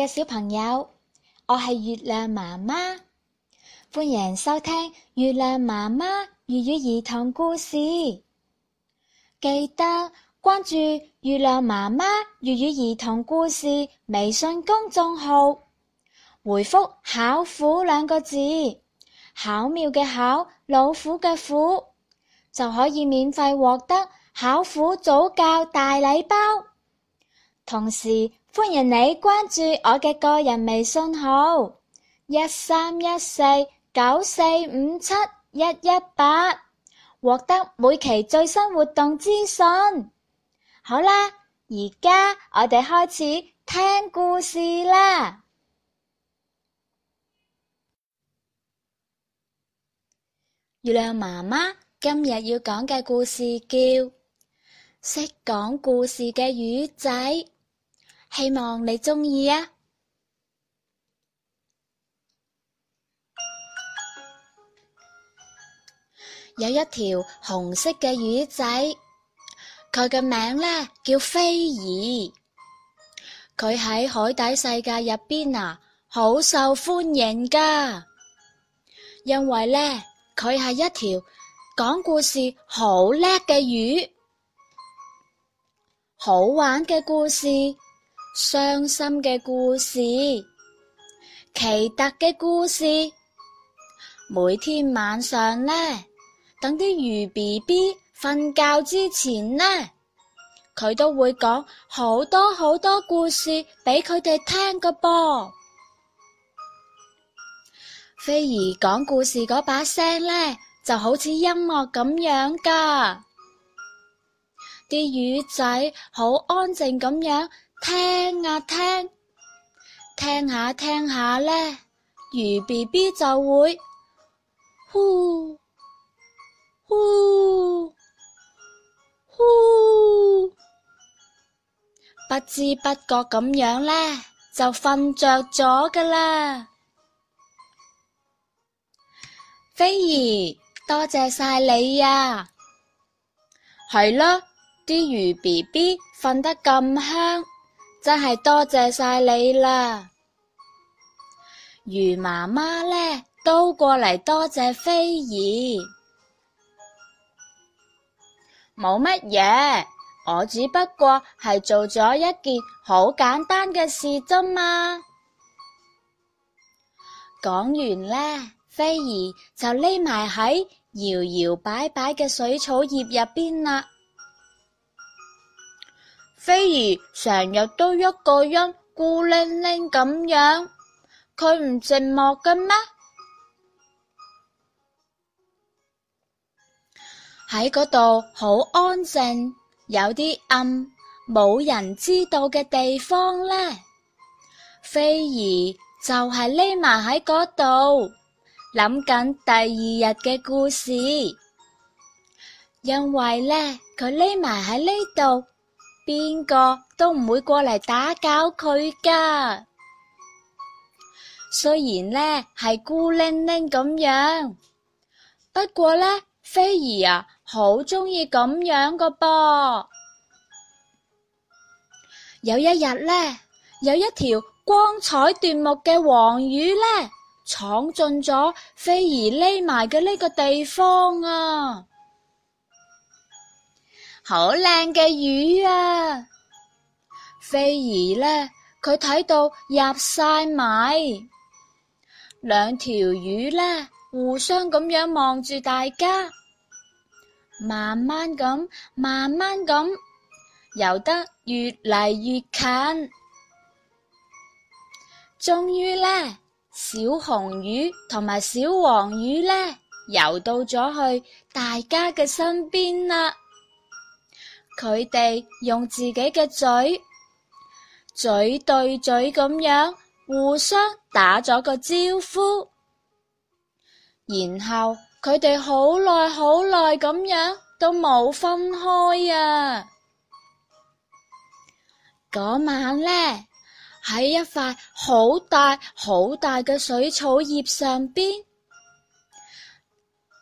嘅小朋友，我係月亮媽媽，歡迎收聽月亮媽媽粵語兒童故事。記得關注月亮媽媽粵語兒童故事微信公眾號，回覆“巧虎”兩個字，巧妙嘅巧，老虎嘅虎，就可以免費獲得巧虎早教大禮包。同時，歡迎你關注我嘅個人微信號一三一四九四五七一一八，獲得每期最新活動資訊。好啦，而家我哋開始聽故事啦。月亮媽媽今日要講嘅故事叫《識講故事嘅魚仔》。希望你鍾意啊！有一條紅色嘅魚仔，佢嘅名呢叫菲兒。佢喺海底世界入邊啊，好受歡迎噶，因為呢，佢係一條講故事好叻嘅魚，好玩嘅故事，傷心嘅故事，奇特嘅故事，每天晚上呢，等啲魚 BB 瞓覺之前呢，佢都會講好多好多故事俾佢哋聽噶啵。菲兒講故事嗰把聲呢，就好似音樂咁樣噶，啲魚仔好安靜咁樣。聽啊聽，聽下聽下呢，魚 B B 就會呼呼呼,呼，不知不覺咁樣呢，就瞓着咗噶啦。菲兒，多謝晒你呀、啊，係啦，啲魚 B B 瞓得咁香。真係多謝晒你啦，魚媽媽呢，都過嚟多謝菲兒。冇乜嘢，我只不過係做咗一件好簡單嘅事啫嘛。講完呢，菲兒就匿埋喺搖搖擺擺嘅水草葉入邊啦。菲兒成日都一個人孤零零咁樣，佢唔寂寞嘅咩？喺嗰度好安靜，有啲暗，冇人知道嘅地方呢。菲兒就係匿埋喺嗰度諗緊第二日嘅故事，因為呢，佢匿埋喺呢度。邊個都唔會過嚟打攪佢噶，雖然呢係孤零零咁樣，不過呢，菲兒啊好鍾意咁樣㗎噃。有一日呢，有一條光彩奪目嘅黃魚呢，闖進咗菲兒匿埋嘅呢個地方啊！好靚嘅魚啊！菲兒呢，佢睇到入晒米，兩條魚呢，互相咁樣望住大家，慢慢咁，慢慢咁游得越嚟越近，終於呢，小紅魚同埋小黃魚呢，游到咗去大家嘅身邊啦。佢哋用自己嘅嘴，嘴對嘴咁樣互相打咗個招呼，然後佢哋好耐好耐咁樣都冇分開啊。嗰晚呢，喺一塊好大好大嘅水草葉上邊，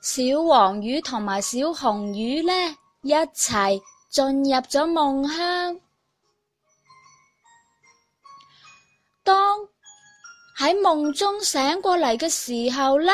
小黃魚同埋小紅魚呢一齊。進入咗夢鄉，當喺夢中醒過嚟嘅時候呢，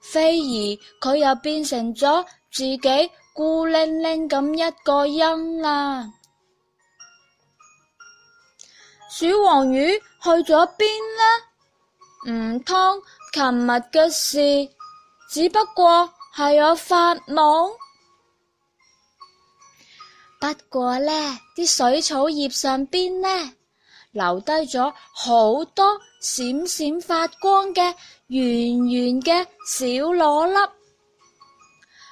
菲兒佢又變成咗自己孤零零咁一個人啦。小黃魚去咗邊呢？唔通琴日嘅事只不過係我發夢？不過呢啲水草葉上邊呢，留低咗好多閃閃發光嘅，圓圓嘅小螺粒。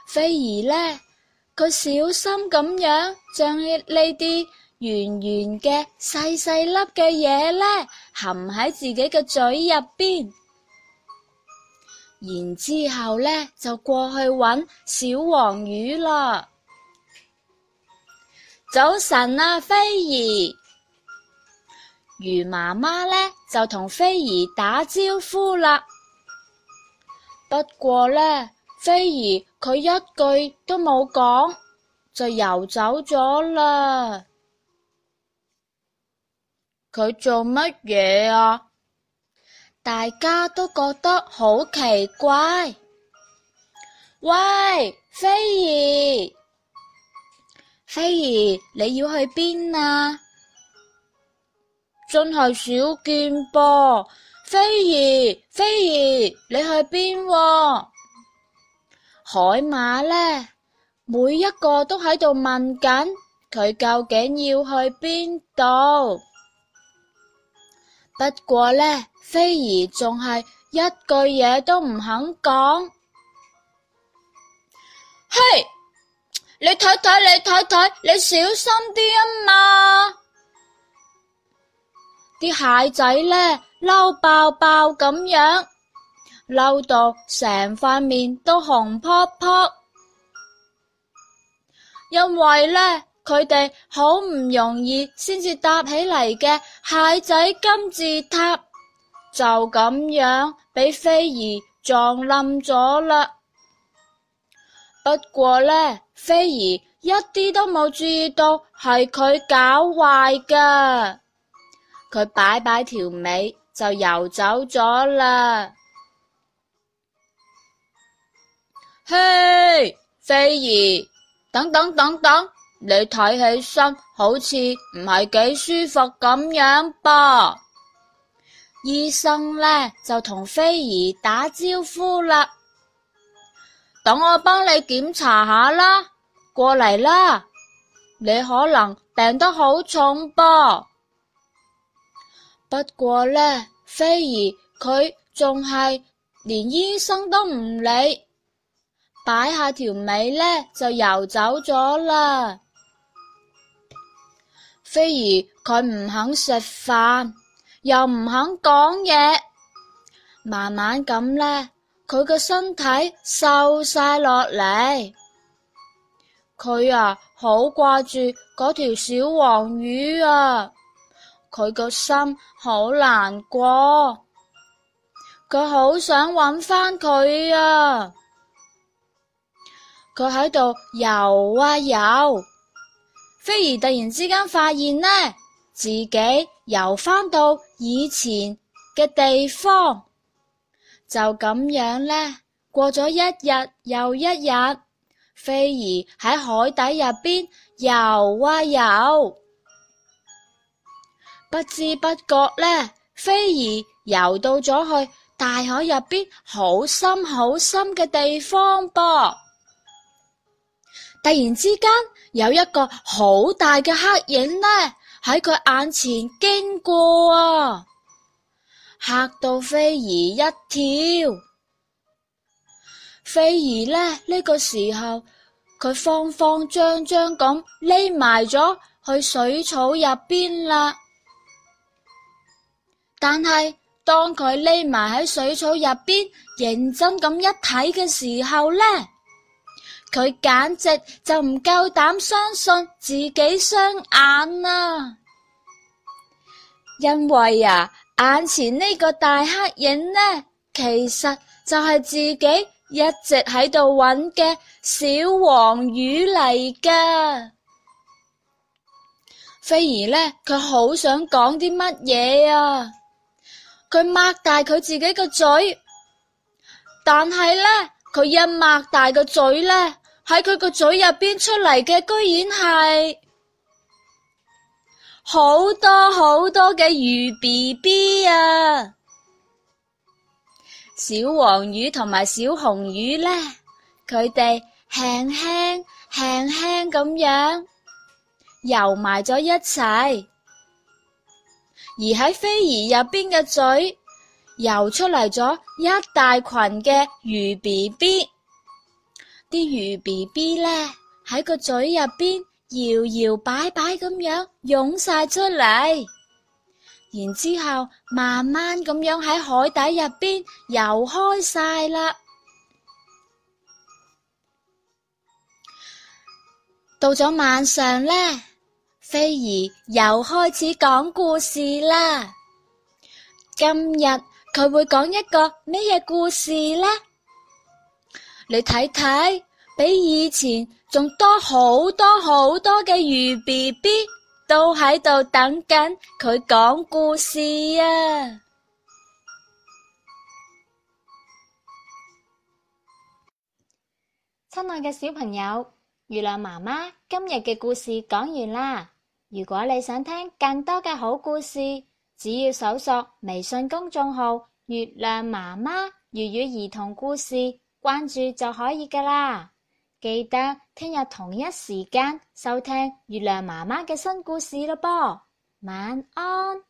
菲兒呢，佢小心咁樣，將呢啲圓圓嘅細細粒嘅嘢呢含喺自己嘅嘴入邊，然之後呢就過去揾小黃魚啦。早晨啊，菲兒，魚媽媽呢，就同菲兒打招呼啦。不過呢，菲兒佢一句都冇講，就游走咗啦。佢做乜嘢啊？大家都覺得好奇怪。喂，菲兒。菲兒，你要去邊啊？真係少見噃，菲兒，菲兒，你去邊啊？海馬呢？每一個都喺度問緊，佢究竟要去邊度？不過呢，菲兒仲係一句嘢都唔肯講。嘿！Hey! 你睇睇，你睇睇，你小心啲啊嘛！啲蟹仔呢，嬲爆爆咁樣，嬲到成塊面都紅撲撲。因為呢，佢哋好唔容易先至搭起嚟嘅蟹仔金字塔，就咁樣俾飛兒撞冧咗啦。不過呢，菲兒一啲都冇注意到係佢搞壞㗎，佢擺擺條尾就游走咗啦。嘿，hey，菲兒，等等等等，你睇起身好似唔係幾舒服咁樣噃。醫生呢，就同菲兒打招呼啦。等我幫你檢查下啦，過嚟啦！你可能病得好重啵。 不過呢，菲兒佢仲係連醫生都唔理，擺下條尾呢就游走咗啦。 菲兒佢唔肯食飯，又唔肯講嘢，慢慢咁呢。佢嘅身體瘦晒落嚟，佢啊好掛住嗰條小黃魚啊，佢個心好難過，佢好想搵翻佢啊，佢喺度游啊游，菲兒突然之間發現呢，自己游翻到以前嘅地方。就咁樣呢，過咗一日又一日，菲兒喺海底入邊游啊游，不知不覺呢，菲兒游到咗去大海入邊好深好深嘅地方啵。突然之間，有一個好大嘅黑影呢，喺佢眼前經過啊！嚇到菲兒一跳，菲兒呢，呢個時候佢慌慌張張咁匿埋咗去水草入邊啦。但係當佢匿埋喺水草入邊認真咁一睇嘅時候呢，佢簡直就唔夠膽相信自己雙眼啦，因為呀。眼前呢個大黑影呢，其實就係自己一直喺度揾嘅小黃魚嚟㗎。菲兒呢，佢好想講啲乜嘢啊，佢擘大佢自己個嘴，但係呢，佢一擘大個嘴呢，喺佢個嘴入邊出嚟嘅居然係。好多好多嘅魚 B B 啊，小黃魚同埋小紅魚呢，佢哋輕輕輕輕咁樣游埋咗一齊，而喺飛魚入邊嘅嘴游出嚟咗一大群嘅魚 B B，啲魚 B B 呢，喺個嘴入邊，.搖搖擺擺咁樣湧晒出嚟，然之後慢慢咁樣喺海底入邊游開晒啦。到咗晚上呢，菲兒又開始講故事啦。今日佢會講一個咩嘢故事呢？你睇睇。比以前仲多好多好多嘅魚 B B 都喺度等緊佢講故事啊！親愛嘅小朋友，月亮媽媽今日嘅故事講完啦。如果你想聽更多嘅好故事，只要搜索微信公眾號“月亮媽媽粵語兒童故事”，關注就可以噶啦。記得聽日同一時間收聽月亮媽媽嘅新故事咯噃，晚安。